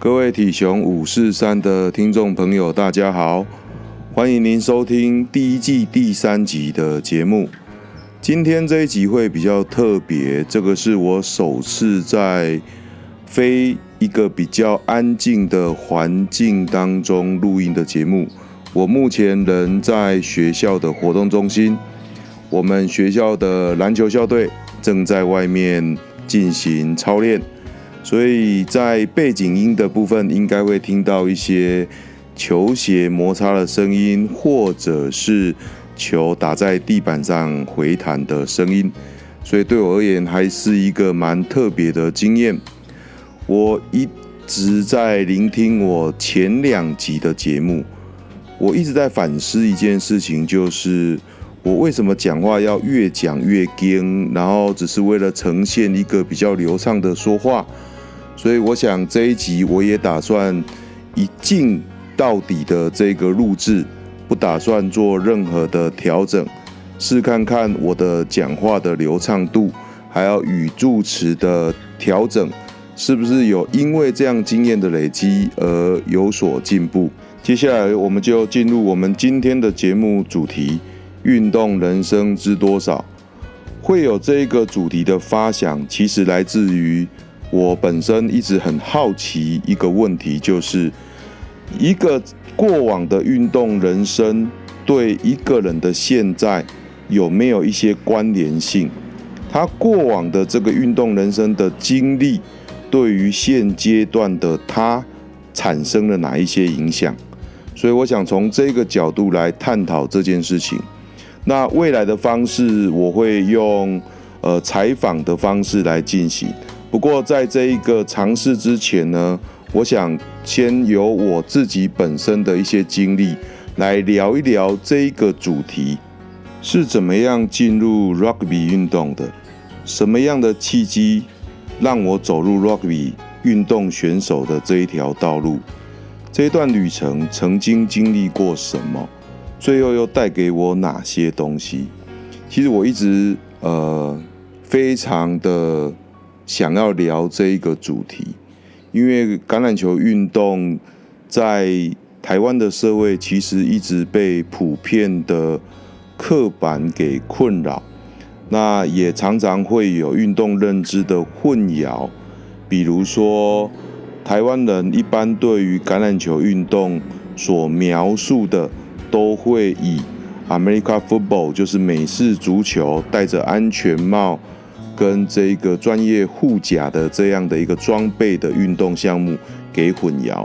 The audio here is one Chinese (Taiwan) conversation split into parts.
各位體雄五四三的聽眾朋友，大家好，歡迎您收聽第一季第三集的節目。今天這一集會比較特別，這個是我首次在非一個比較安靜的環境當中錄音的節目。我目前人在學校的活動中心，我們學校的籃球校隊正在外面進行操練。所以在背景音的部分，應該會聽到一些球鞋摩擦的聲音，或者是球打在地板上回彈的聲音。所以對我而言，還是一個蠻特別的經驗。我一直在聆聽我前兩集的節目，我一直在反思一件事情，就是我為什麼講話要越講越僵，然後只是為了呈現一個比較流暢的說話。所以我想這一集我也打算一進到底的這個錄製，不打算做任何的調整，試看看我的講話的流暢度，還有語助詞的調整，是不是有因為這樣經驗的累積而有所進步。接下來我們就進入我們今天的節目主題——運動人生知多少。會有這一個主題的發想，其實來自於。我本身一直很好奇一個問題，就是一個過往的運動人生對一個人的現在有沒有一些關聯性？他過往的這個運動人生的經歷對於現階段的他產生了哪一些影響？所以我想從這個角度來探討這件事情。那未來的方式，我會用呃採訪的方式來進行。不過，在這一個嘗試之前呢，我想先由我自己本身的一些經歷來聊一聊這一個主題，是怎麼樣進入 Rugby 運動的，什麼樣的契機讓我走入 Rugby 運動選手的這一條道路，這一段旅程曾經經歷過什麼，最後又帶給我哪些東西？其實我一直呃非常的。想要聊這一個主題，因為橄欖球運動在台灣的社會其實一直被普遍的刻板給困擾，那也常常會有運動認知的混淆，比如說台灣人一般對於橄欖球運動所描述的，都會以 American football 就是美式足球，戴着安全帽。跟這個專業護甲的這樣的一個裝備的運動項目給混淆，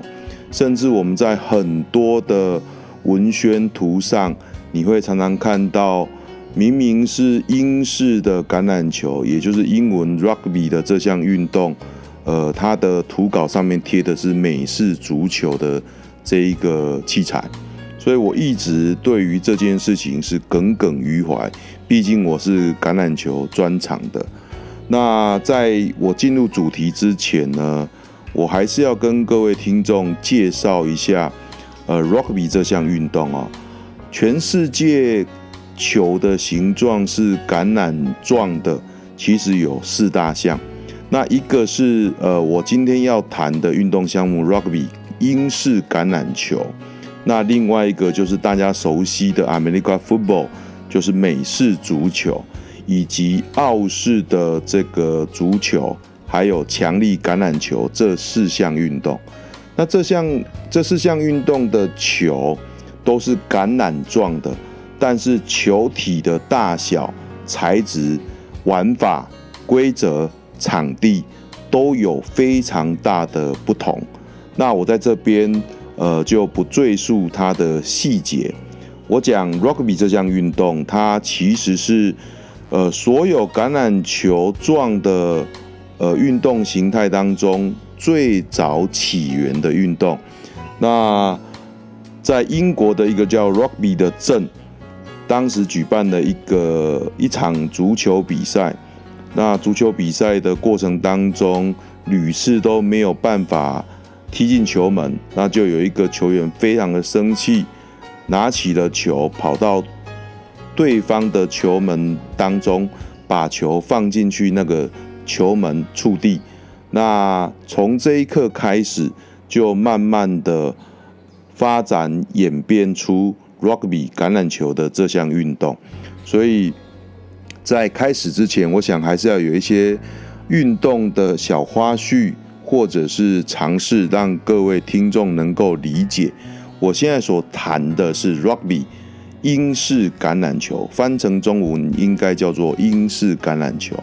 甚至我們在很多的文宣圖上，你會常常看到，明明是英式的橄欖球，也就是英文 rugby 的這項運動，呃，它的圖稿上面貼的是美式足球的這一個器材，所以我一直對於這件事情是耿耿於懷，畢竟我是橄欖球專長的。那在我進入主題之前呢，我還是要跟各位聽眾介紹一下，呃，rugby 這項運動哦，全世界球的形狀是橄欖狀的，其實有四大項，那一個是呃我今天要談的運動項目 rugby 英式橄欖球，那另外一個就是大家熟悉的 American football 就是美式足球。以及澳式的這個足球，還有強力橄欖球這四項運動。那這項這四項運動的球都是橄欖狀的，但是球體的大小、材質、玩法、規則、場地都有非常大的不同。那我在這邊呃就不贅述它的細節。我講 Rugby 這項運動，它其實是。呃，所有橄欖球狀的呃運動形態當中，最早起源的運動，那在英國的一個叫 Rugby 的鎮，當時舉辦了一個一場足球比賽。那足球比賽的過程當中，屢次都沒有辦法踢進球門，那就有一個球員非常的生氣，拿起了球跑到。對方的球門當中，把球放進去，那個球門觸地。那從這一刻開始，就慢慢的發展演變出 Rugby 橄欖球的這項運動。所以，在開始之前，我想還是要有一些運動的小花絮，或者是嘗試讓各位聽眾能夠理解，我現在所談的是 Rugby。英式橄欖球翻成中文應該叫做英式橄欖球。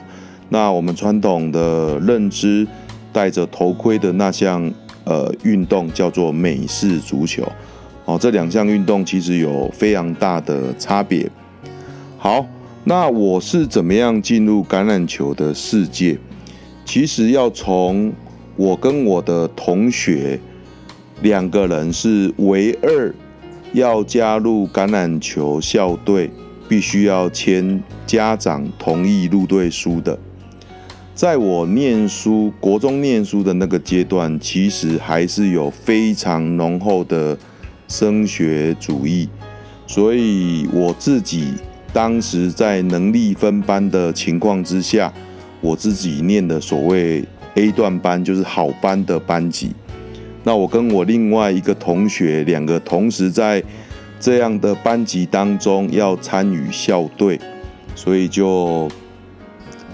那我們傳統的認知，戴着頭盔的那項呃運動叫做美式足球。好、哦，這兩項運動其實有非常大的差別。好，那我是怎麼樣進入橄欖球的世界？其實要從我跟我的同學兩個人是唯二。要加入橄欖球校隊，必須要簽家長同意入隊書的。在我念書，國中念書的那個階段，其實還是有非常濃厚的升學主義，所以我自己當時在能力分班的情況之下，我自己念的所謂 A 段班，就是好班的班級。那我跟我另外一個同學，兩個同時在這樣的班級當中要參與校隊，所以就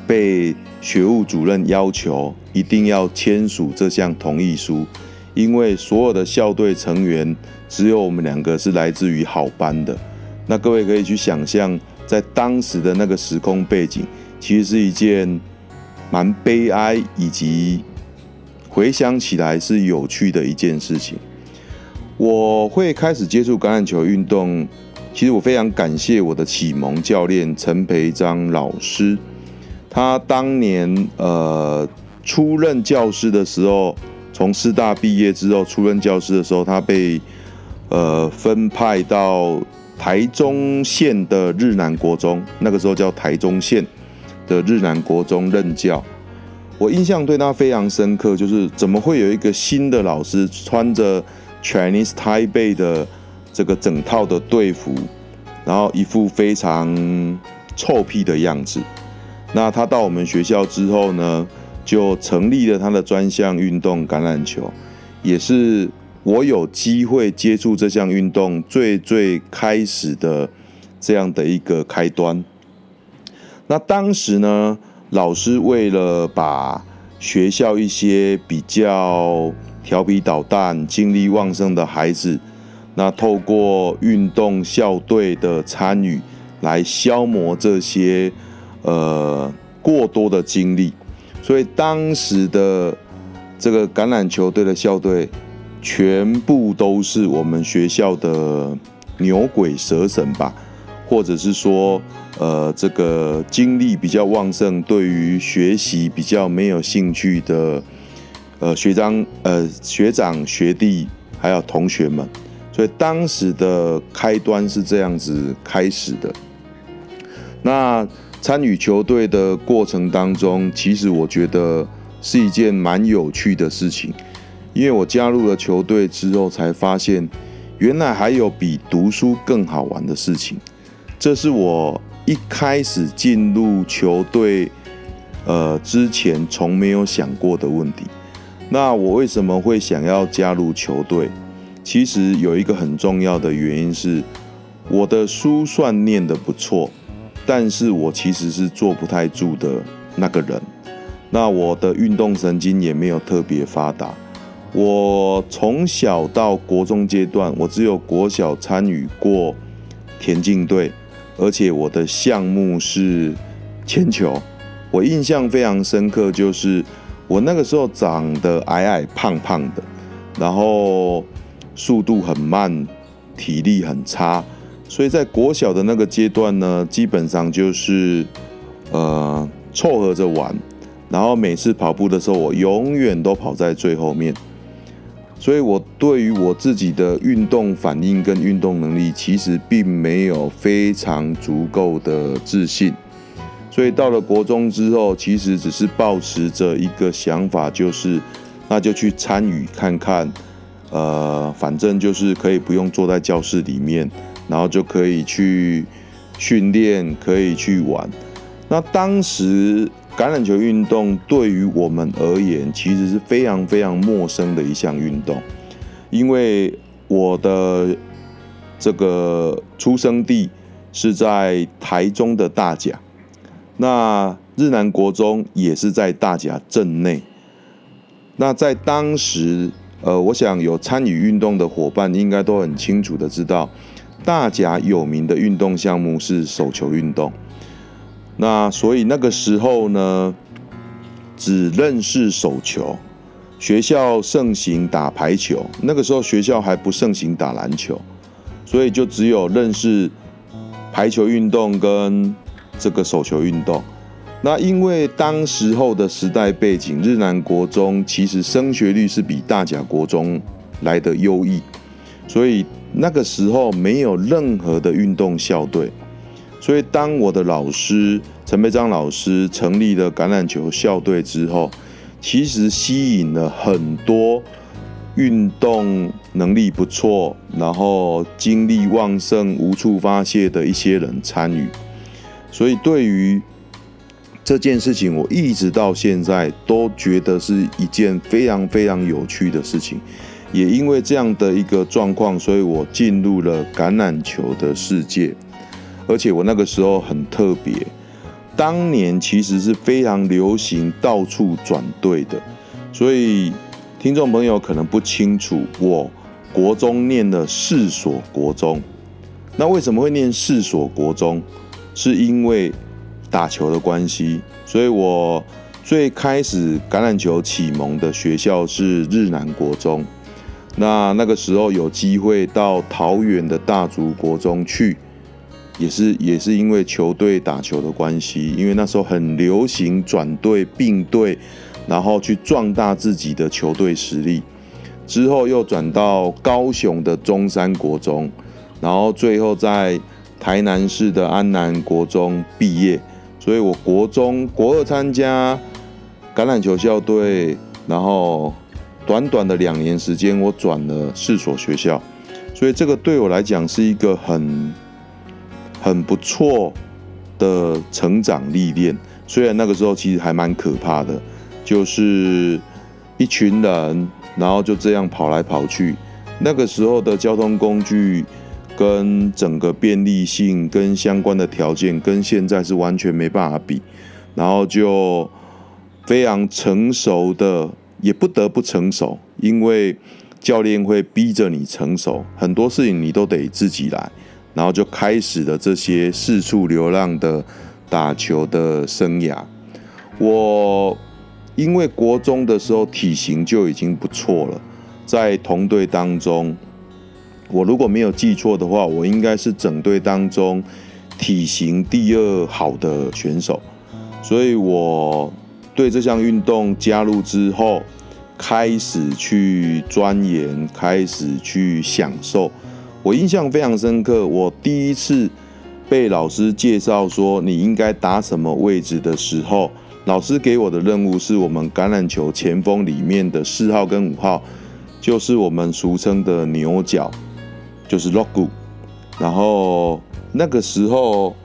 被學務主任要求一定要簽署這項同意書，因為所有的校隊成員只有我們兩個是來自於好班的。那各位可以去想象，在當時的那個時空背景，其實是一件蠻悲哀以及。回想起來是有趣的一件事情。我會開始接觸橄欖球運動，其實我非常感謝我的啟蒙教練陳培章老師。他當年呃初任教師的時候，從師大畢業之後初任教師的時候，他被呃分派到台中縣的日南國中，那個時候叫台中縣的日南國中任教。我印象對他非常深刻，就是怎麼會有一個新的老師穿着 Chinese Taipei 的這個整套的隊服，然後一副非常臭屁的樣子。那他到我們學校之後呢，就成立了他的專項運動橄欖球，也是我有機會接觸這項運動最最開始的這樣的一個開端。那當時呢？老師為了把學校一些比較調皮搗蛋、精力旺盛的孩子，那透過運動校隊的參與，來消磨這些呃過多的精力，所以當時的這個橄欖球隊的校隊，全部都是我們學校的牛鬼蛇神吧。或者是說，呃，這個精力比較旺盛，對於學習比較沒有興趣的，呃，學長、呃學長學弟還有同學們，所以當時的開端是這樣子開始的。那參與球隊的過程當中，其實我覺得是一件蠻有趣的事情，因為我加入了球隊之後才發現，原來還有比讀書更好玩的事情。這是我一開始進入球隊，呃，之前從沒有想過的問題。那我為什麼會想要加入球隊？其實有一個很重要的原因是，我的書算念得不錯，但是我其實是坐不太住的那個人。那我的運動神經也沒有特別發達。我從小到國中階段，我只有國小參與過田徑隊。而且我的項目是鉛球，我印象非常深刻，就是我那個時候長得矮矮胖胖的，然後速度很慢，體力很差，所以在國小的那個階段呢，基本上就是呃湊合着玩，然後每次跑步的時候，我永遠都跑在最後面。所以我對於我自己的運動反應跟運動能力，其實並沒有非常足夠的自信。所以到了國中之後，其實只是抱持着一個想法，就是那就去參與看看，呃，反正就是可以不用坐在教室裡面，然後就可以去訓練，可以去玩。那當時。橄欖球運動對於我們而言，其實是非常非常陌生的一項運動，因為我的這個出生地是在台中的大甲，那日南國中也是在大甲鎮內。那在當時，呃，我想有參與運動的夥伴應該都很清楚的知道，大甲有名的運動項目是手球運動。那所以那個時候呢，只認識手球，學校盛行打排球，那個時候學校還不盛行打籃球，所以就只有認識排球運動跟這個手球運動。那因為當時候的時代背景，日南國中其實升學率是比大甲國中來得優異，所以那個時候沒有任何的運動校隊。所以，當我的老師陳培章老師成立了橄欖球校隊之後，其實吸引了很多運動能力不錯、然後精力旺盛、無處發洩的一些人參與。所以，對於這件事情，我一直到現在都覺得是一件非常非常有趣的事情。也因為這樣的一個狀況，所以我進入了橄欖球的世界。而且我那個時候很特別，當年其實是非常流行到處轉隊的，所以聽眾朋友可能不清楚，我國中念了四所國中，那為什麼會念四所國中？是因為打球的關係，所以我最開始橄欖球啟蒙的學校是日南國中，那那個時候有機會到桃園的大竹國中去。也是也是因為球隊打球的關係，因為那時候很流行轉隊併隊，然後去壯大自己的球隊實力。之後又轉到高雄的中山國中，然後最後在台南市的安南國中畢業。所以，我國中國二參加橄欖球校隊，然後短短的兩年時間，我轉了四所學校。所以，這個對我來講是一個很很不錯的成長歷練，雖然那個時候其實還蠻可怕的，就是一群人，然後就這樣跑來跑去。那個時候的交通工具跟整個便利性跟相關的條件跟現在是完全沒辦法比，然後就非常成熟的，也不得不成熟，因為教練會逼着你成熟，很多事情你都得自己來。然後就開始了這些四處流浪的打球的生涯。我因為國中的時候體型就已經不錯了，在同隊當中，我如果沒有記錯的話，我應該是整隊當中體型第二好的選手。所以我對這項運動加入之後，開始去鑽研，開始去享受。我印象非常深刻，我第一次被老師介紹說你應該打什麼位置的時候，老師給我的任務是，我們橄欖球前鋒裡面的四號跟五號，就是我們俗稱的牛角，就是 lock。然後那個時候，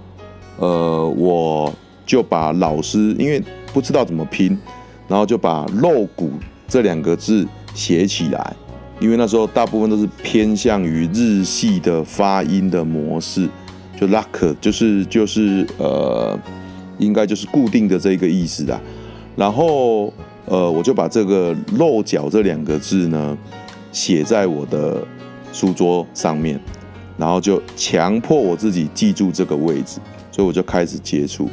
呃，我就把老師因為不知道怎麼拼，然後就把“肉骨”這兩個字寫起來。因為那時候大部分都是偏向於日系的發音的模式，就 lock 就是就是呃，應該就是固定的這個意思啦。然後呃，我就把這個漏腳這兩個字呢，寫在我的書桌上面，然後就強迫我自己記住這個位置，所以我就開始接觸。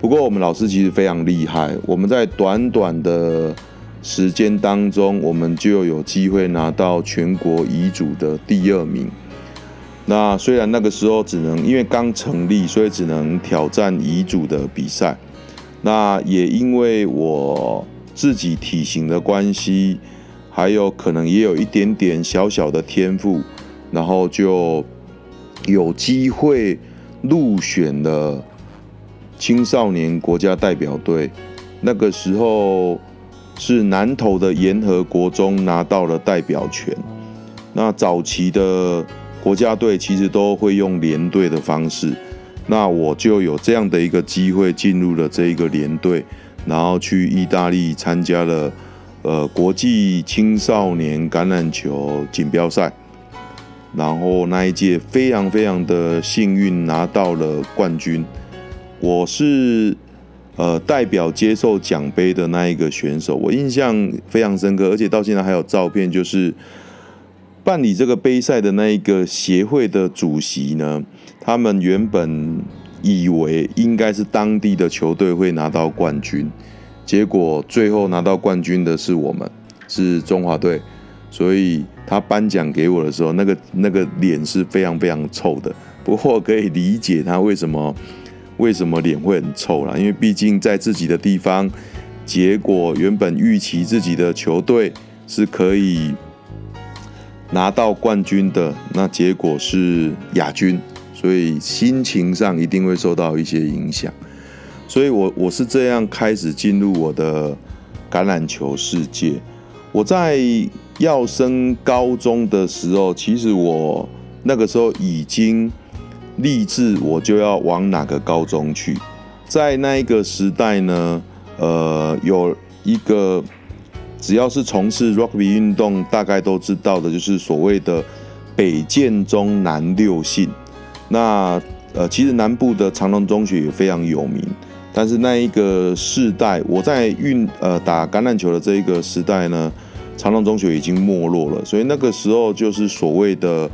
不過我們老師其實非常厲害，我們在短短的時間當中，我們就有機會拿到全國乙組的第二名。那雖然那個時候只能因為剛成立，所以只能挑戰乙組的比賽。那也因為我自己體型的關係，還有可能也有一點點小小的天賦，然後就有機會入選了青少年國家代表隊。那個時候。是南投的延和國中拿到了代表權。那早期的國家隊其實都會用聯隊的方式。那我就有這樣的一個機會進入了這一個聯隊，然後去意大利參加了呃國際青少年橄欖球錦標賽。然後那一屆非常非常的幸運拿到了冠軍。我是。呃，代表接受獎盃的那一個選手，我印象非常深刻，而且到現在還有照片。就是辦理這個盃賽的那一個協會的主席呢，他們原本以為應該是當地的球隊會拿到冠軍，結果最後拿到冠軍的是我們，是中華隊。所以他頒獎給我的時候，那個那個臉是非常非常臭的。不過可以理解他為什麼。為什麼臉會很臭啦？因為畢竟在自己的地方，結果原本預期自己的球隊是可以拿到冠軍的，那結果是亞軍，所以心情上一定會受到一些影響。所以我我是這樣開始進入我的橄欖球世界。我在要升高中的時候，其實我那個時候已經。立志我就要往哪個高中去，在那一個時代呢，呃，有一個只要是從事 rugby 運動，大概都知道的，就是所謂的北建中、南六信。那呃，其實南部的長榮中學也非常有名，但是那一個世代，我在運呃打橄欖球的這一個時代呢，長榮中學已經沒落了，所以那個時候就是所謂的。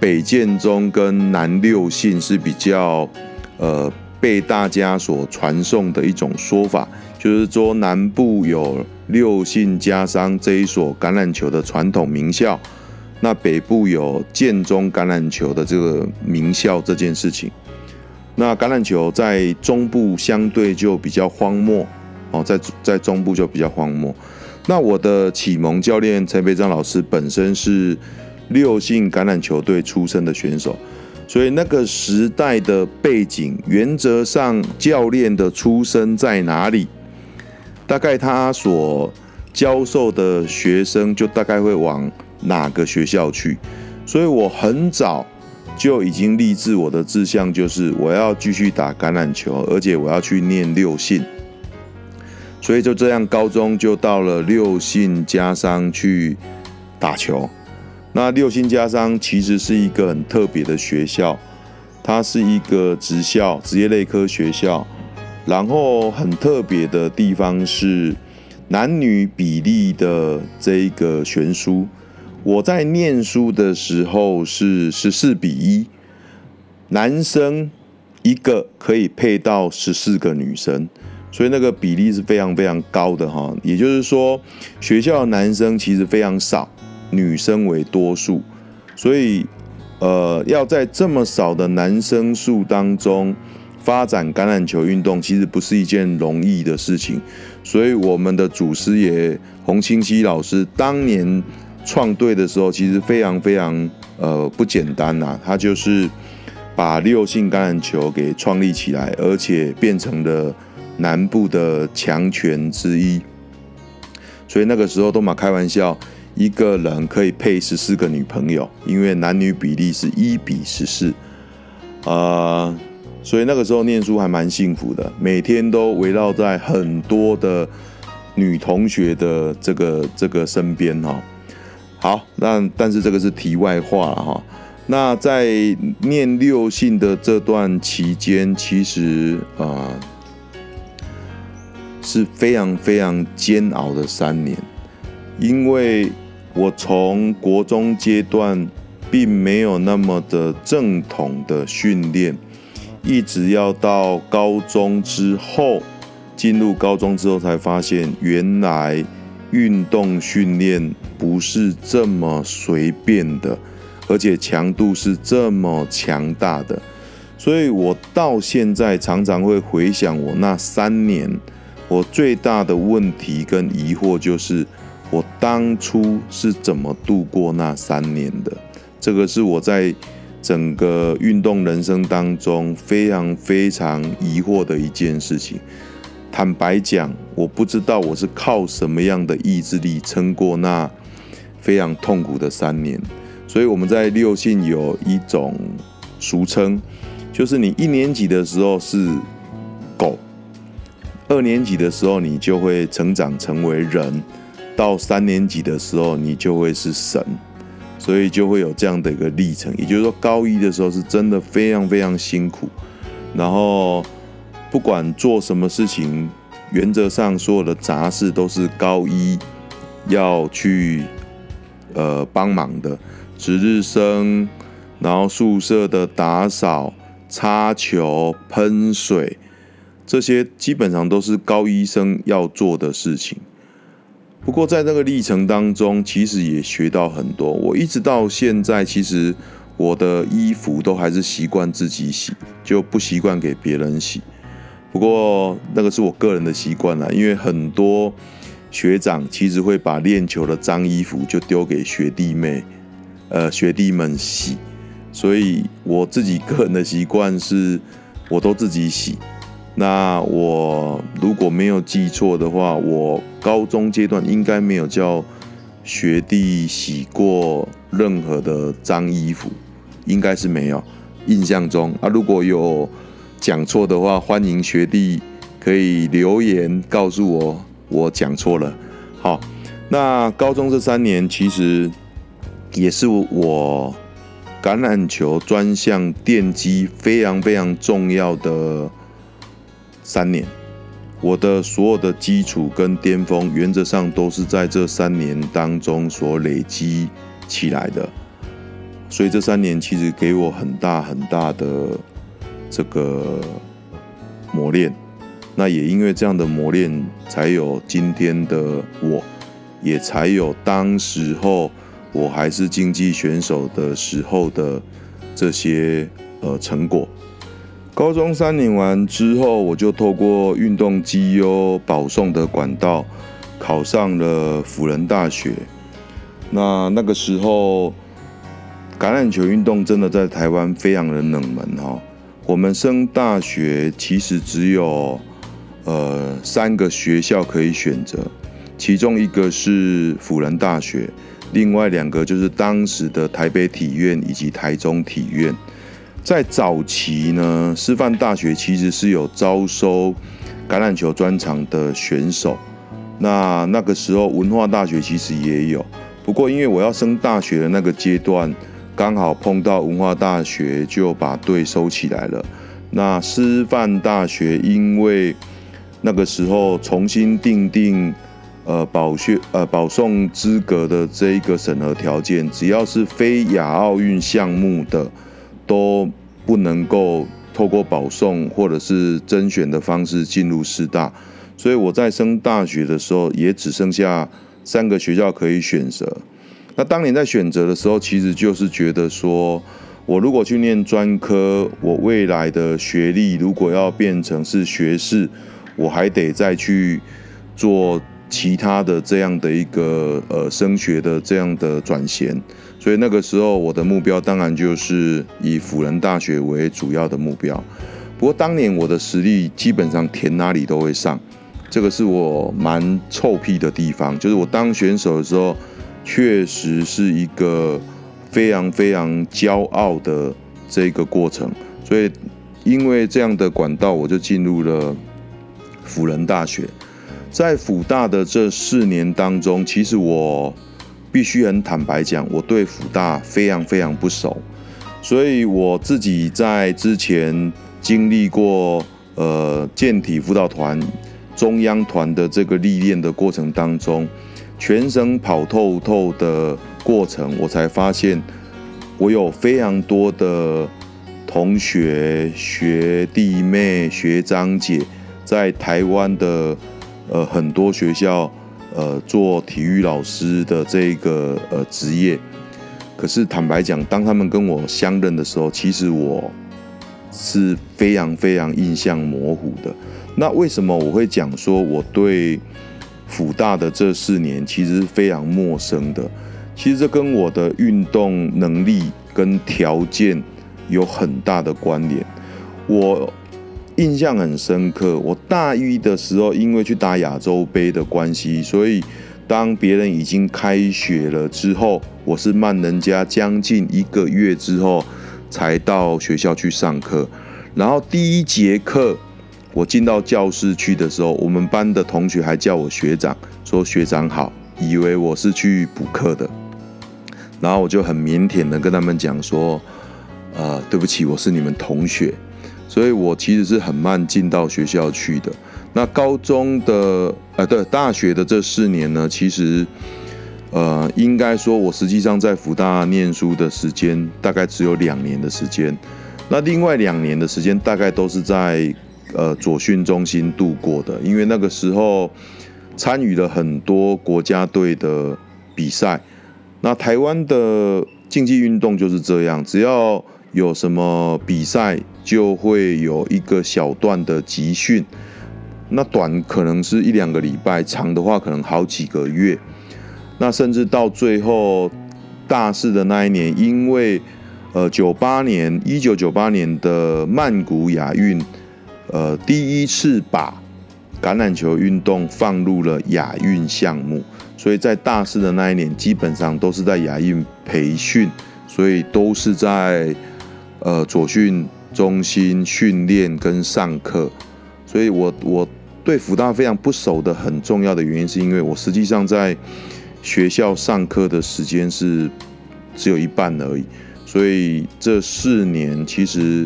北建中跟南六信是比較，呃，被大家所傳頌的一種說法，就是說南部有六信家商這一所橄欖球的傳統名校，那北部有建中橄欖球的這個名校這件事情。那橄欖球在中部相對就比較荒漠哦，在在中部就比較荒漠。那我的啟蒙教練陳培章老師本身是。六信橄欖球隊出身的選手，所以那個時代的背景，原則上教練的出生在哪裡，大概他所教授的學生就大概會往哪個學校去。所以我很早就已經立志，我的志向就是我要繼續打橄欖球，而且我要去念六信。所以就這樣，高中就到了六信家商去打球。那六星家商其實是一個很特別的學校，它是一個職校、職業類科學校。然後很特別的地方是男女比例的這一個懸殊。我在念書的時候是十四比一，男生一個可以配到十四個女生，所以那個比例是非常非常高的哈。也就是說，學校的男生其實非常少。女生為多數，所以，呃，要在這麼少的男生數當中發展橄欖球運動，其實不是一件容易的事情。所以，我們的祖師爺洪清熙老師當年創隊的時候，其實非常非常呃不簡單吶，啊。他就是把六性橄欖球給創立起來，而且變成了南部的強權之一。所以那個時候都蠻開玩笑。一個人可以配十四個女朋友，因為男女比例是一比十四，啊、呃，所以那個時候念書還蠻幸福的，每天都圍繞在很多的女同學的這個這個身邊哈、哦。好，那但是這個是題外話哈、哦。那在念六性的這段期間，其實啊、呃，是非常非常煎熬的三年，因為。我從國中階段並沒有那麼的正統的訓練，一直要到高中之後，進入高中之後才發現，原來運動訓練不是這麼隨便的，而且強度是這麼強大的，所以我到現在常常會回想我那三年，我最大的問題跟疑惑就是。我當初是怎麼度過那三年的？這個是我在整個運動人生當中非常非常疑惑的一件事情。坦白講，我不知道我是靠什麼樣的意志力撐過那非常痛苦的三年。所以我們在六信有一種俗稱，就是你一年級的時候是狗，二年級的時候你就會成長成為人。到三年級的時候，你就會是神，所以就會有這樣的一個歷程。也就是說，高一的時候是真的非常非常辛苦。然後，不管做什麼事情，原則上所有的雜事都是高一要去呃幫忙的，值日生，然後宿舍的打掃、擦球、噴水，這些基本上都是高一生要做的事情。不過在那個歷程當中，其實也學到很多。我一直到現在，其實我的衣服都還是習慣自己洗，就不習慣給別人洗。不過那個是我個人的習慣啦，因為很多學長其實會把練球的髒衣服就丟給學弟妹，呃，學弟們洗。所以我自己個人的習慣是，我都自己洗。那我如果沒有記錯的話，我高中階段應該沒有叫學弟洗過任何的髒衣服，應該是沒有印象中啊。如果有講錯的話，歡迎學弟可以留言告訴我，我講錯了。好，那高中這三年其實也是我橄欖球專項奠基非常非常重要的。三年，我的所有的基礎跟巔峰，原則上都是在這三年當中所累積起來的，所以這三年其實給我很大很大的這個磨練，那也因為這樣的磨練，才有今天的我，也才有當時候我還是競技選手的時候的這些呃成果。高中三年完之後，我就透過運動績優保送的管道，考上了輔仁大學。那那個時候，橄欖球運動真的在台灣非常的冷門哈、哦。我們升大學其實只有呃三個學校可以選擇，其中一個是輔仁大學，另外兩個就是當時的台北體院以及台中體院。在早期呢，師範大學其實是有招收橄欖球專長的選手。那那個時候，文化大學其實也有，不過因為我要升大學的那個階段，剛好碰到文化大學就把隊收起來了。那師範大學因為那個時候重新訂定，呃，保學呃保送資格的這一個審核條件，只要是非亞奧運項目的，都不能夠透過保送或者是甄選的方式進入師大，所以我在升大學的時候也只剩下三個學校可以選擇。那當年在選擇的時候，其實就是覺得說，我如果去念專科，我未來的學歷如果要變成是學士，我還得再去做其他的這樣的一個呃升學的這樣的轉銜。所以那個時候，我的目標當然就是以輔仁大學為主要的目標。不過當年我的實力基本上填哪裡都會上，這個是我蠻臭屁的地方。就是我當選手的時候，確實是一個非常非常驕傲的這個過程。所以因為這樣的管道，我就進入了輔仁大學。在輔大的這四年當中，其實我。必須很坦白講，我對輔大非常非常不熟，所以我自己在之前經歷過呃健體輔導團、中央團的這個歷練的過程當中，全省跑透透的過程，我才發現我有非常多的同學學弟妹、學長姐在台灣的呃很多學校。呃，做體育老師的這一個呃職業，可是坦白講，當他們跟我相認的時候，其實我是非常非常印象模糊的。那為什麼我會講說我對輔大的這四年其實是非常陌生的？其實這跟我的運動能力跟條件有很大的關聯。我。印象很深刻。我大一的時候，因為去打亞洲杯的關係，所以當別人已經開學了之後，我是慢人家將近一個月之後才到學校去上課。然後第一節課，我進到教室去的時候，我們班的同學還叫我學長，說學長好，以為我是去補課的。然後我就很靦腆的跟他們講說：“呃，對不起，我是你們同學。”所以我其實是很慢進到學校去的。那高中的，呃，對，大學的這四年呢，其實，呃，應該說，我實際上在福大念書的時間大概只有兩年的時間。那另外兩年的時間，大概都是在，呃，左訓中心度過的。因為那個時候參與了很多國家隊的比賽。那台灣的競技運動就是這樣，只要，有什麼比賽就會有一個小段的集訓，那短可能是一兩個禮拜，長的話可能好幾個月。那甚至到最後大四的那一年，因為呃，九八年一九九八年的曼谷亞運，呃，第一次把橄欖球運動放入了亞運項目，所以在大四的那一年基本上都是在亞運培訓，所以都是在。呃，左訓中心訓練跟上課，所以我我對輔大非常不熟的很重要的原因，是因為我實際上在學校上課的時間是只有一半而已，所以這四年其實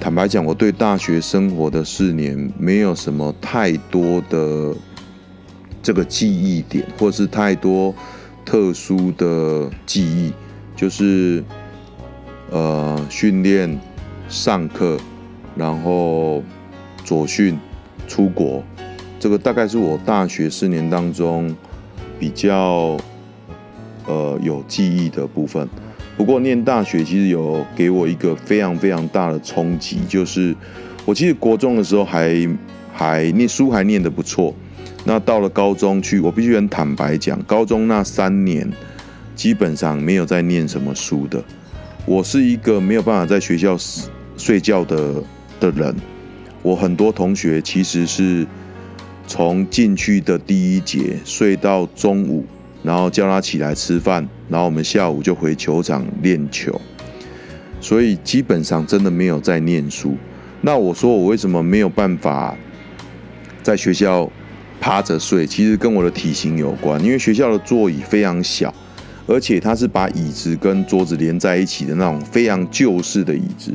坦白講，我對大學生活的四年沒有什麼太多的這個記憶點，或是太多特殊的記憶，就是。呃，訓練、上課，然後左訓、出國，這個大概是我大學四年當中比較呃有記憶的部分。不過念大學其實有給我一個非常非常大的衝擊，就是我其實國中的時候還還念書還念得不錯，那到了高中去，我必須很坦白講，高中那三年基本上沒有在念什麼書的。我是一個沒有辦法在學校睡覺的的人，我很多同學其實是從進去的第一節睡到中午，然後叫他起來吃飯，然後我們下午就回球場練球，所以基本上真的沒有在念書。那我說我為什麼沒有辦法在學校趴着睡？其實跟我的體型有關，因為學校的座椅非常小。而且它是把椅子跟桌子連在一起的那種非常舊式的椅子，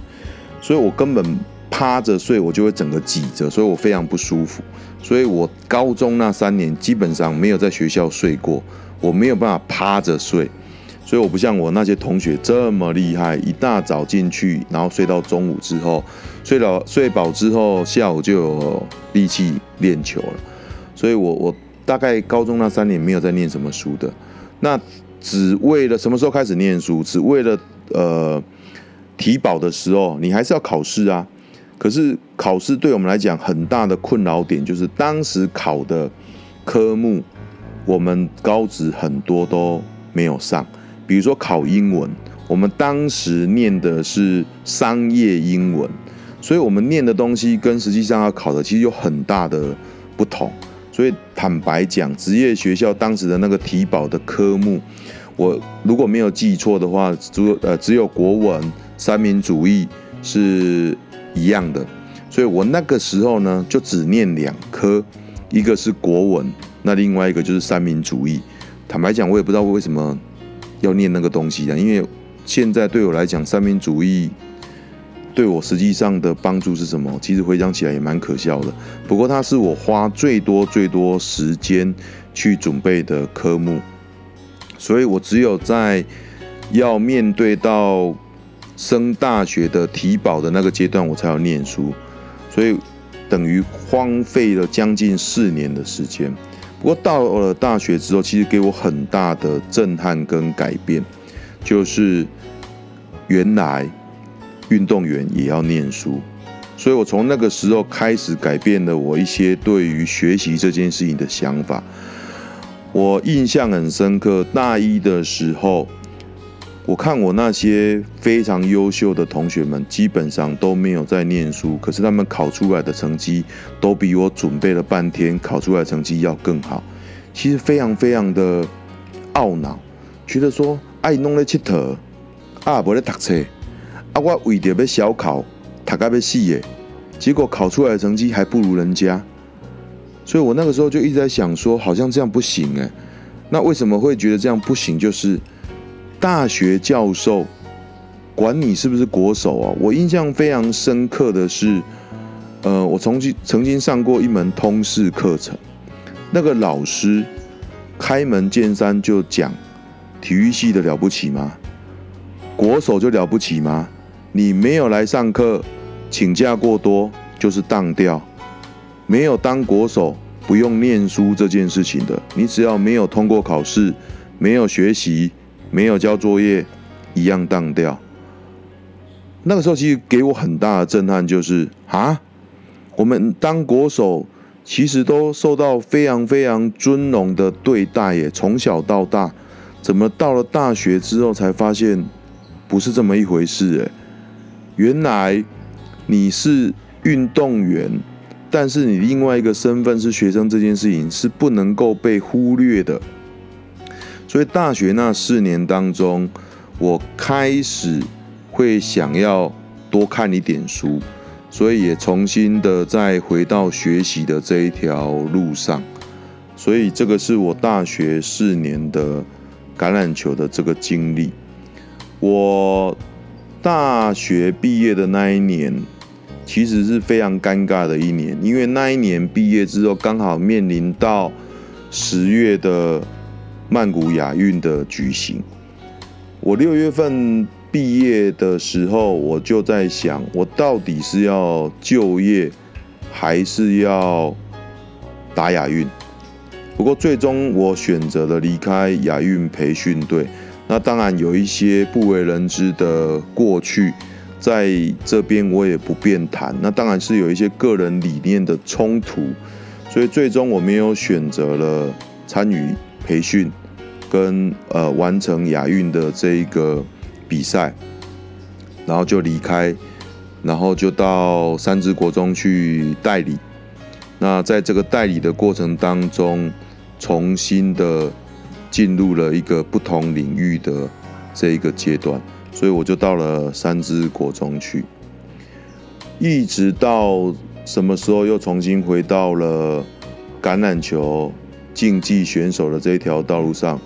所以我根本趴着睡，我就會整個擠着，所以我非常不舒服。所以我高中那三年基本上沒有在學校睡過，我沒有辦法趴着睡，所以我不像我那些同學這麼厲害，一大早進去，然後睡到中午之後，睡了睡飽之後，下午就有力氣練球了。所以我我大概高中那三年沒有在念什麼書的，那。只為了什麼時候開始念書，只為了呃體保的時候，你還是要考試啊。可是考試對我們來講很大的困擾點，就是當時考的科目，我們高職很多都沒有上。比如說考英文，我們當時念的是商業英文，所以我們念的東西跟實際上要考的其實有很大的不同。所以坦白講，職業學校當時的那個提保的科目，我如果沒有記錯的話，只有呃只有國文、三民主義是一樣的。所以我那個時候呢，就只念兩科，一個是國文，那另外一個就是三民主義。坦白講，我也不知道為什麼要念那個東西啊，因為現在對我來講，三民主義。對我實際上的幫助是什麼？其實回想起來也蠻可笑的。不過它是我花最多最多時間去準備的科目，所以我只有在要面對到升大學的體保的那個階段，我才要念書。所以等於荒廢了將近四年的時間。不過到了大學之後，其實給我很大的震撼跟改變，就是原來。運動員也要念書，所以我從那個時候開始改變了我一些對於學習這件事情的想法。我印象很深刻，大一的時候，我看我那些非常優秀的同學們，基本上都沒有在念書，可是他們考出來的成績都比我準備了半天考出來的成績要更好。其實非常非常的懊惱，覺得說愛弄了七特啊，袂咧、啊、讀冊。啊！我為着比小考，他該比細耶，結果考出來的成績還不如人家，所以我那個時候就一直在想說，好像這樣不行哎、欸。那為什麼會覺得這樣不行？就是大學教授管你是不是國手哦、啊。我印象非常深刻的是，呃，我曾經曾經上過一門通識課程，那個老師開門見山就講：體育系的了不起嗎？國手就了不起嗎？你沒有來上課，請假過多就是當掉；沒有當國手，不用念書這件事情的，你只要沒有通過考試，沒有學習，沒有交作業，一樣當掉。那個時候其實給我很大的震撼，就是啊，我們當國手其實都受到非常非常尊榮的對待耶，從小到大，怎麼到了大學之後才發現不是這麼一回事哎。原來你是運動員，但是你另外一個身份是學生，這件事情是不能夠被忽略的。所以大學那四年當中，我開始會想要多看一點書，所以也重新的再回到學習的這一條路上。所以這個是我大學四年的橄欖球的這個經歷，我。大學畢業的那一年，其實是非常尷尬的一年，因為那一年畢業之後，剛好面臨到十月的曼谷亞運的舉行。我六月份畢業的時候，我就在想，我到底是要就業，還是要打亞運？不過最終我選擇了離開亞運培訓隊。那當然有一些不為人知的過去，在這邊我也不便談。那當然是有一些個人理念的衝突，所以最終我沒有選擇了參與培訓跟，跟呃完成亞運的這一個比賽，然後就離開，然後就到三芝國中去代理。那在這個代理的過程當中，重新的。進入了一個不同領域的這一個階段，所以我就到了三芝國中去，一直到什麼時候又重新回到了橄欖球競技選手的這一條道路上。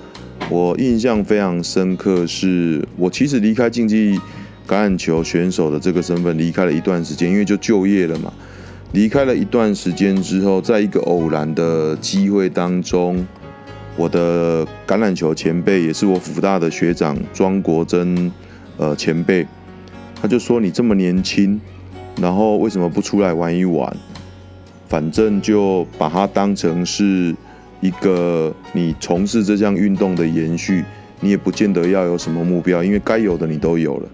我印象非常深刻，是我其實離開競技橄欖球選手的這個身份，離開了一段時間，因為就就業了嘛。離開了一段時間之後，在一個偶然的機會當中。我的橄欖球前輩，也是我輔大的學長莊國珍，呃，前輩，他就說，你這麼年輕，然後為什麼不出來玩一玩？反正就把它當成是一個你從事這項運動的延續，你也不見得要有什麼目標，因為該有的你都有了。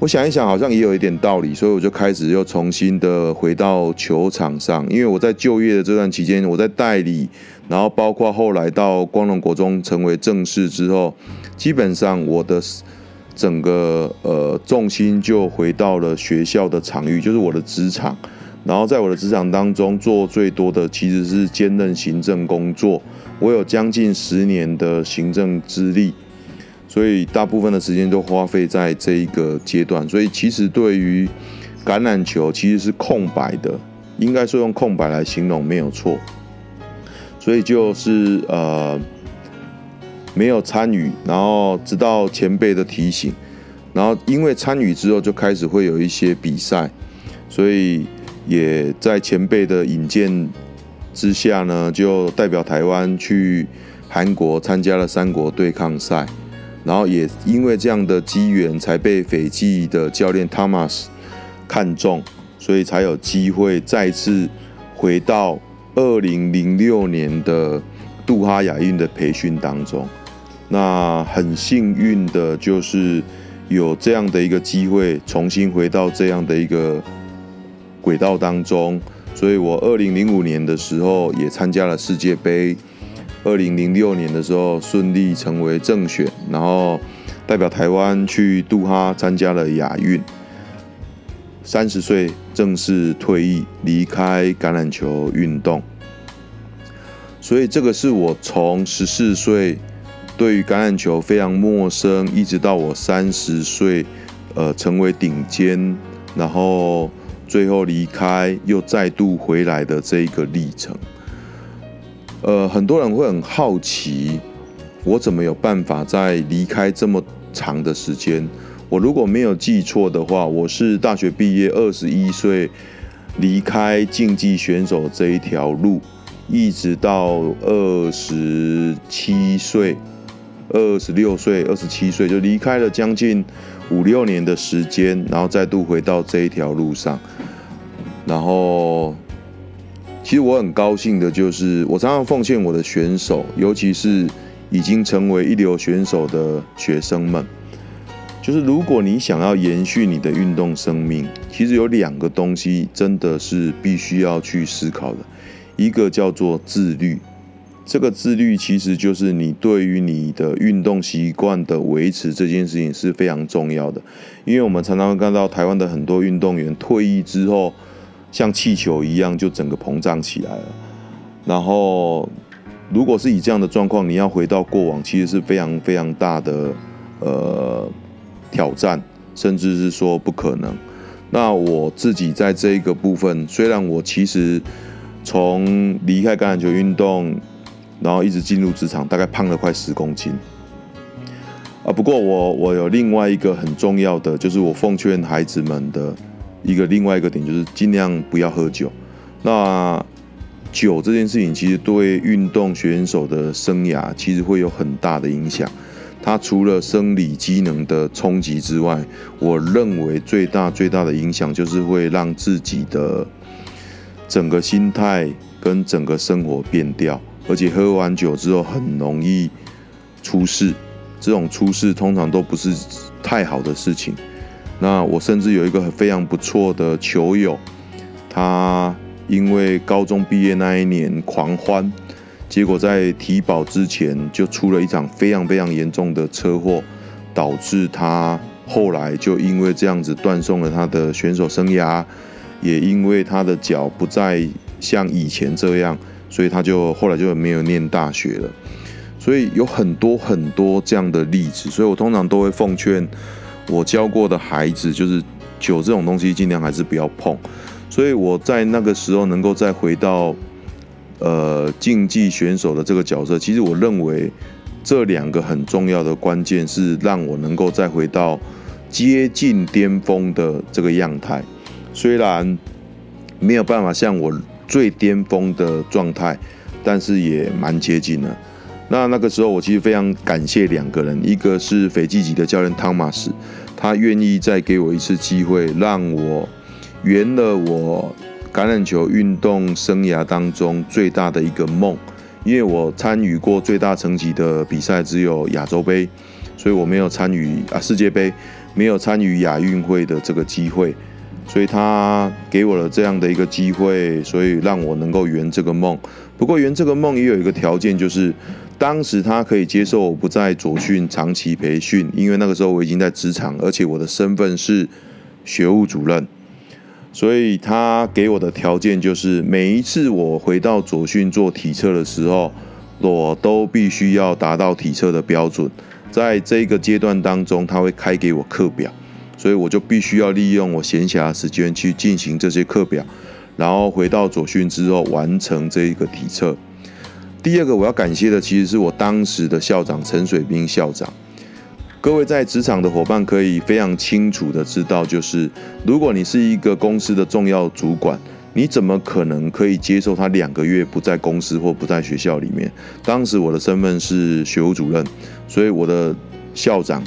我想一想，好像也有一點道理，所以我就開始又重新的回到球場上。因為我在就業的這段期間，我在代理，然後包括後來到光榮國中成為正式之後，基本上我的整個呃重心就回到了學校的場域，就是我的職場。然後在我的職場當中，做最多的其實是兼任行政工作，我有將近十年的行政資歷。所以大部分的時間都花費在這一個階段，所以其實對於橄欖球其實是空白的，應該說用空白來形容沒有錯。所以就是呃沒有參與，然後直到前輩的提醒，然後因為參與之後就開始會有一些比賽，所以也在前輩的引薦之下呢，就代表台灣去韓國參加了三國對抗賽。然後也因為這樣的機緣，才被斐濟的教練 Thomas 看中，所以才有機會再次回到2006年的杜哈亞運的培訓當中。那很幸運的就是有這樣的一個機會，重新回到這樣的一個軌道當中。所以我2005年的時候也參加了世界盃。二零零六年的時候，順利成為正選，然後代表台灣去杜哈參加了亞運。三十歲正式退役，離開橄欖球運動。所以這個是我從十四歲對於橄欖球非常陌生，一直到我三十歲，呃，成為頂尖，然後最後離開，又再度回來的這一個歷程。呃，很多人會很好奇，我怎麼有辦法在離開這麼長的時間？我如果沒有記錯的話，我是大學畢業二十一歲離開競技選手這一條路，一直到二十七歲、二十六歲、二十七歲就離開了將近五六年的時間，然後再度回到這一條路上，然後。其實我很高興的，就是我常常奉勸我的選手，尤其是已經成為一流選手的學生們。就是如果你想要延續你的運動生命，其實有兩個東西真的是必須要去思考的，一個叫做自律。這個自律其實就是你對於你的運動習慣的維持這件事情是非常重要的，因為我們常常會看到台灣的很多運動員退役之後。像氣球一樣就整個膨脹起來了。然後，如果是以這樣的狀況，你要回到過往，其實是非常非常大的呃挑戰，甚至是說不可能。那我自己在這一個部分，雖然我其實從離開橄欖球運動，然後一直進入職場，大概胖了快十公斤啊。不過我我有另外一個很重要的，就是我奉勸孩子們的。一個，另外一個點，就是儘量不要喝酒。那酒這件事情，其實對運動選手的生涯其實會有很大的影響。它除了生理機能的衝擊之外，我認為最大最大的影響就是會讓自己的整個心態跟整個生活變調。而且喝完酒之後很容易出事，這種出事通常都不是太好的事情。那我甚至有一個非常不錯的球友，他因為高中畢業那一年狂歡，結果在體保之前就出了一場非常非常嚴重的車禍，導致他後來就因為這樣子斷送了他的選手生涯，也因為他的腳不再像以前這樣，所以他就後來就沒有念大學了。所以有很多很多這樣的例子，所以我通常都會奉勸。我教過的孩子，就是酒這種東西，盡量還是不要碰。所以我在那個時候能夠再回到，呃，競技選手的這個角色，其實我認為這兩個很重要的關鍵，是讓我能夠再回到接近巔峰的這個樣態。雖然沒有辦法像我最巔峰的狀態，但是也蠻接近了。那那個時候，我其實非常感謝兩個人，一個是斐濟籍的教練湯馬斯。他願意再給我一次機會，讓我圓了我橄欖球運動生涯當中最大的一個夢，因為我參與過最大層級的比賽只有亞洲杯，所以我沒有參與啊世界杯，沒有參與亞運會的這個機會，所以他給我了這樣的一個機會，所以讓我能夠圓這個夢。不過圓這個夢也有一個條件，就是當時他可以接受我不在左訓長期培訓，因為那個時候我已經在職場，而且我的身份是學務主任，所以他給我的條件就是每一次我回到左訓做體測的時候，我都必須要達到體測的標準。在這個階段當中，他會開給我課表，所以我就必須要利用我閒暇的時間去進行這些課表。然後回到左訓之後，完成這一個體測。第二個我要感謝的，其實是我當時的校長陳水斌校長。各位在職場的夥伴可以非常清楚的知道，就是如果你是一個公司的重要主管，你怎麼可能可以接受他兩個月不在公司或不在學校裡面？當時我的身份是學務主任，所以我的校長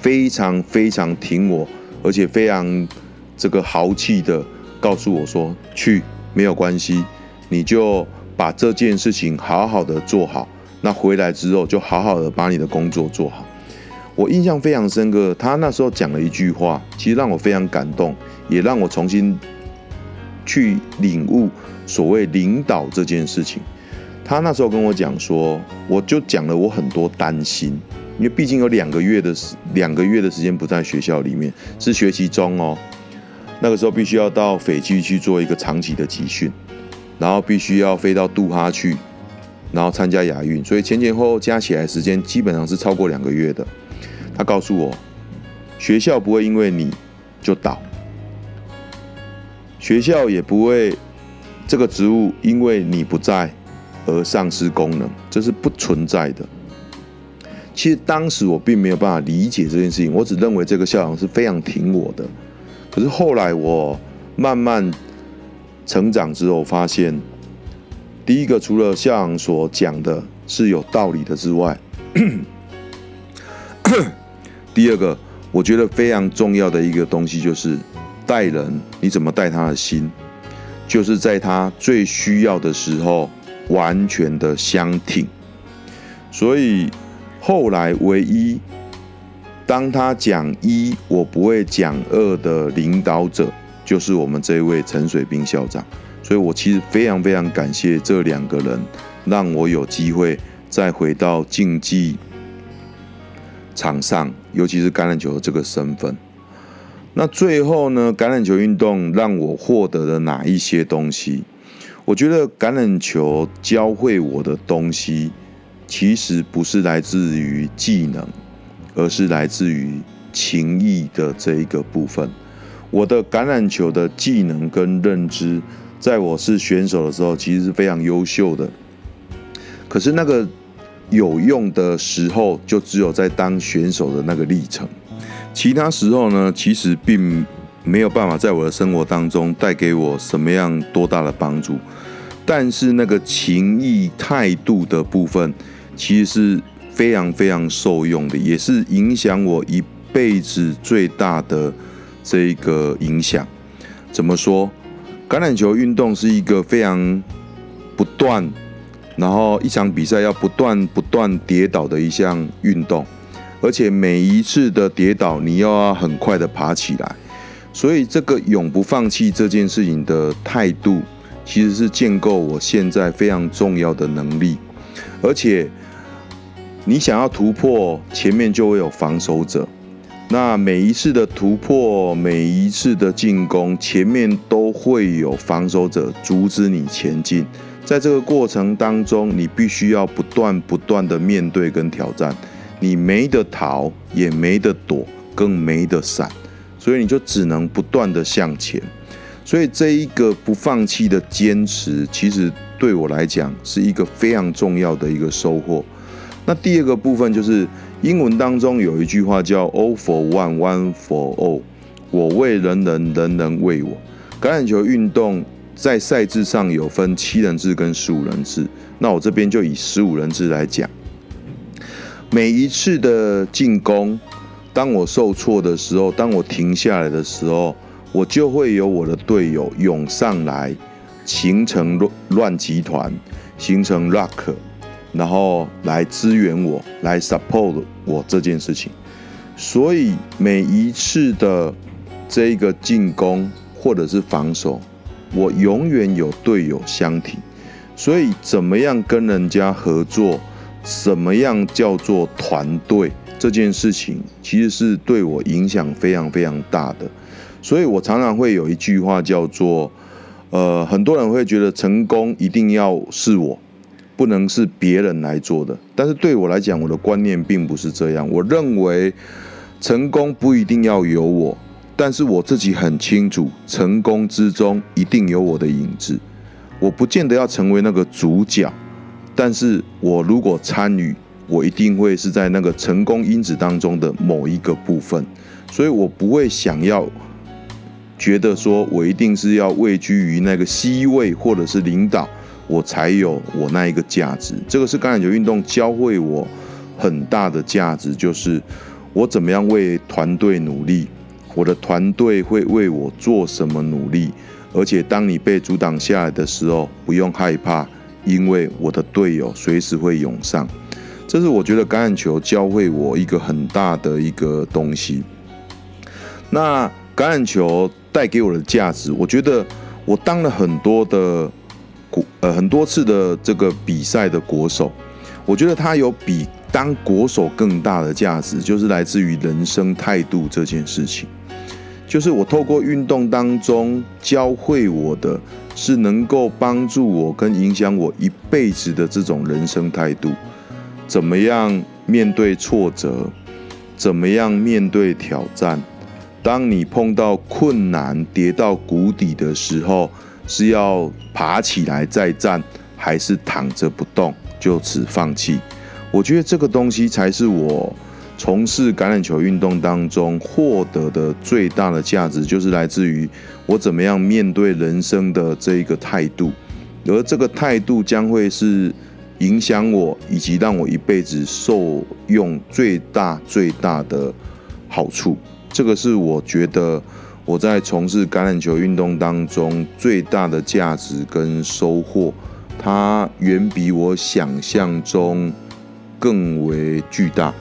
非常非常挺我，而且非常這個豪氣的。告訴我說，去沒有關係，你就把這件事情好好的做好。那回來之後就好好的把你的工作做好。我印象非常深刻，他那時候講了一句話，其實讓我非常感動，也讓我重新去領悟所謂領導這件事情。他那時候跟我講說，我就講了我很多擔心，因為畢竟有兩個月的時兩個月的時間不在學校裡面，是學習中哦。那個時候必須要到斐濟去做一個長期的集訓，然後必須要飛到杜哈去，然後參加亞運，所以前前後後加起來時間基本上是超過兩個月的。他告訴我，學校不會因為你就倒，學校也不會這個職務因為你不在而喪失功能，這是不存在的。其實當時我並沒有辦法理解這件事情，我只認為這個校長是非常挺我的。可是後來我慢慢成長之後，發現第一個除了校長所講的是有道理的之外， 第二個我覺得非常重要的一個東西就是帶人，你怎麼帶他的心，就是在他最需要的時候完全的相挺。所以後來唯一，當他講一，我不會講二的領導者，就是我們這位陳水兵校長。所以我其實非常非常感謝這兩個人，讓我有機會再回到競技場上，尤其是橄欖球的這個身份。那最後呢，橄欖球運動讓我獲得了哪一些東西？我覺得橄欖球教會我的東西，其實不是來自於技能。而是來自於情誼的這一個部分。我的橄欖球的技能跟認知，在我是選手的時候，其實是非常優秀的。可是那個有用的時候，就只有在當選手的那個歷程。其他時候呢，其實並沒有辦法在我的生活當中帶給我什麼樣多大的幫助。但是那個情誼態度的部分，其實是。非常非常受用的，也是影響我一輩子最大的這個影響。怎麼說？橄欖球運動是一個非常不斷，然後一場比賽要不斷不斷跌倒的一項運動，而且每一次的跌倒，你又要很快的爬起來。所以，這個永不放棄這件事情的態度，其實是建構我現在非常重要的能力，而且。你想要突破，前面就會有防守者。那每一次的突破，每一次的進攻，前面都會有防守者阻止你前進。在這個過程當中，你必須要不斷不斷的面對跟挑戰。你沒得逃，也沒得躲，更沒得閃。所以你就只能不斷的向前。所以這一個不放棄的堅持，其實對我來講是一個非常重要的一個收穫。那第二個部分就是英文當中有一句話叫 “All for one, one for all”，我為人人，人人為我。橄欖球運動在賽制上有分七人制跟十五人制，那我這邊就以十五人制來講。每一次的進攻，當我受挫的時候，當我停下來的時候，我就會有我的隊友湧上來，形成亂亂集團，形成 ruck。然後來支援我，來 support 我這件事情，所以每一次的這個進攻或者是防守，我永遠有隊友相挺，所以怎麼樣跟人家合作，什麼樣叫做團隊，這件事情，其實是對我影響非常非常大的，所以我常常會有一句話叫做，呃，很多人會覺得成功一定要是我。不能是別人來做的，但是對我來講，我的觀念並不是這樣。我認為成功不一定要有我，但是我自己很清楚，成功之中一定有我的影子。我不見得要成為那個主角，但是我如果參與，我一定會是在那個成功因子當中的某一個部分。所以我不會想要覺得說我一定是要位居於那個 C 位或者是領導。我才有我那一個價值，這個是橄欖球運動教會我很大的價值，就是我怎麼樣為團隊努力，我的團隊會為我做什麼努力，而且當你被阻擋下來的時候，不用害怕，因為我的隊友隨時會湧上。這是我覺得橄欖球教會我一個很大的一個東西。那橄欖球帶給我的價值，我覺得我當了很多的。呃，很多次的這個比賽的國手，我覺得他有比當國手更大的價值，就是來自於人生態度這件事情。就是我透過運動當中教會我的，是能夠幫助我跟影響我一輩子的這種人生態度，怎麼樣面對挫折，怎麼樣面對挑戰。當你碰到困難、跌到谷底的時候，是要爬起來再戰，還是躺着不動就此放棄？我覺得這個東西才是我從事橄欖球運動當中獲得的最大的價值，就是來自於我怎麼樣面對人生的這一個態度，而這個態度將會是影響我以及讓我一輩子受用最大最大的好處。這個是我覺得。我在從事橄欖球運動當中，最大的價值跟收穫，它遠比我想象中更為巨大。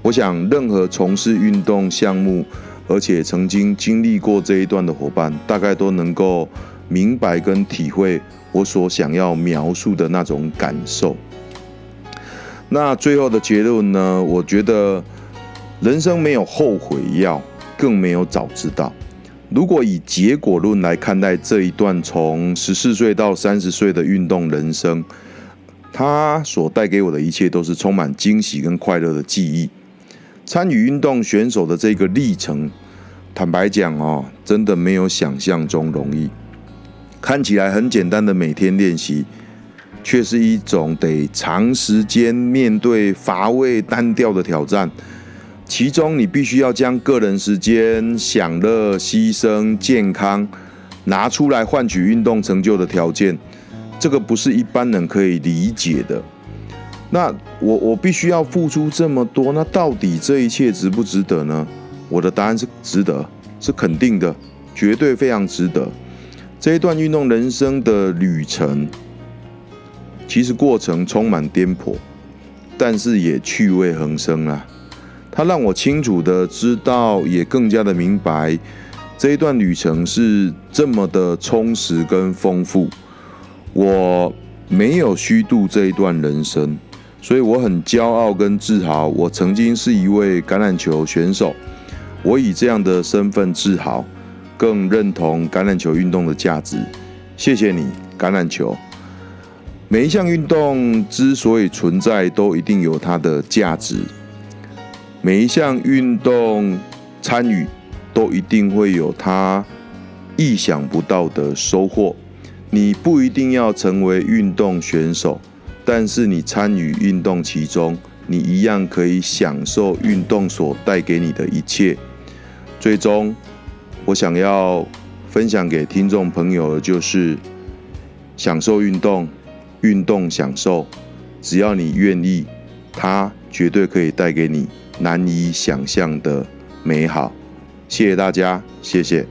我想，任何從事運動項目，而且曾經經歷過這一段的夥伴，大概都能夠明白跟體會我所想要描述的那種感受。那最後的結論呢？我覺得，人生沒有後悔藥，更沒有早知道。如果以結果論來看待這一段從十四歲到三十歲的運動人生，它所帶給我的一切都是充滿驚喜跟快樂的記憶。參與運動選手的這個歷程，坦白講哦，真的沒有想象中容易。看起來很簡單的每天練習，卻是一種得長時間面對乏味單調的挑戰。其中，你必須要將個人時間、享樂、犧牲、健康拿出來換取運動成就的條件，這個不是一般人可以理解的。那我我必須要付出這麼多，那到底這一切值不值得呢？我的答案是值得，是肯定的，絕對非常值得。這一段運動人生的旅程，其實過程充滿顛簸，但是也趣味橫生啊。它讓我清楚的知道，也更加的明白，這一段旅程是這麼的充實跟豐富。我沒有虛度這一段人生，所以我很驕傲跟自豪。我曾經是一位橄欖球選手，我以這樣的身份自豪，更認同橄欖球運動的價值。謝謝你，橄欖球。每一項運動之所以存在，都一定有它的價值。每一項運動參與，都一定會有他意想不到的收穫。你不一定要成為運動選手，但是你參與運動其中，你一樣可以享受運動所帶給你的一切。最終，我想要分享給聽眾朋友的就是，享受運動，運動享受。只要你願意，它絕對可以帶給你。難以想象的美好，謝謝大家，謝謝。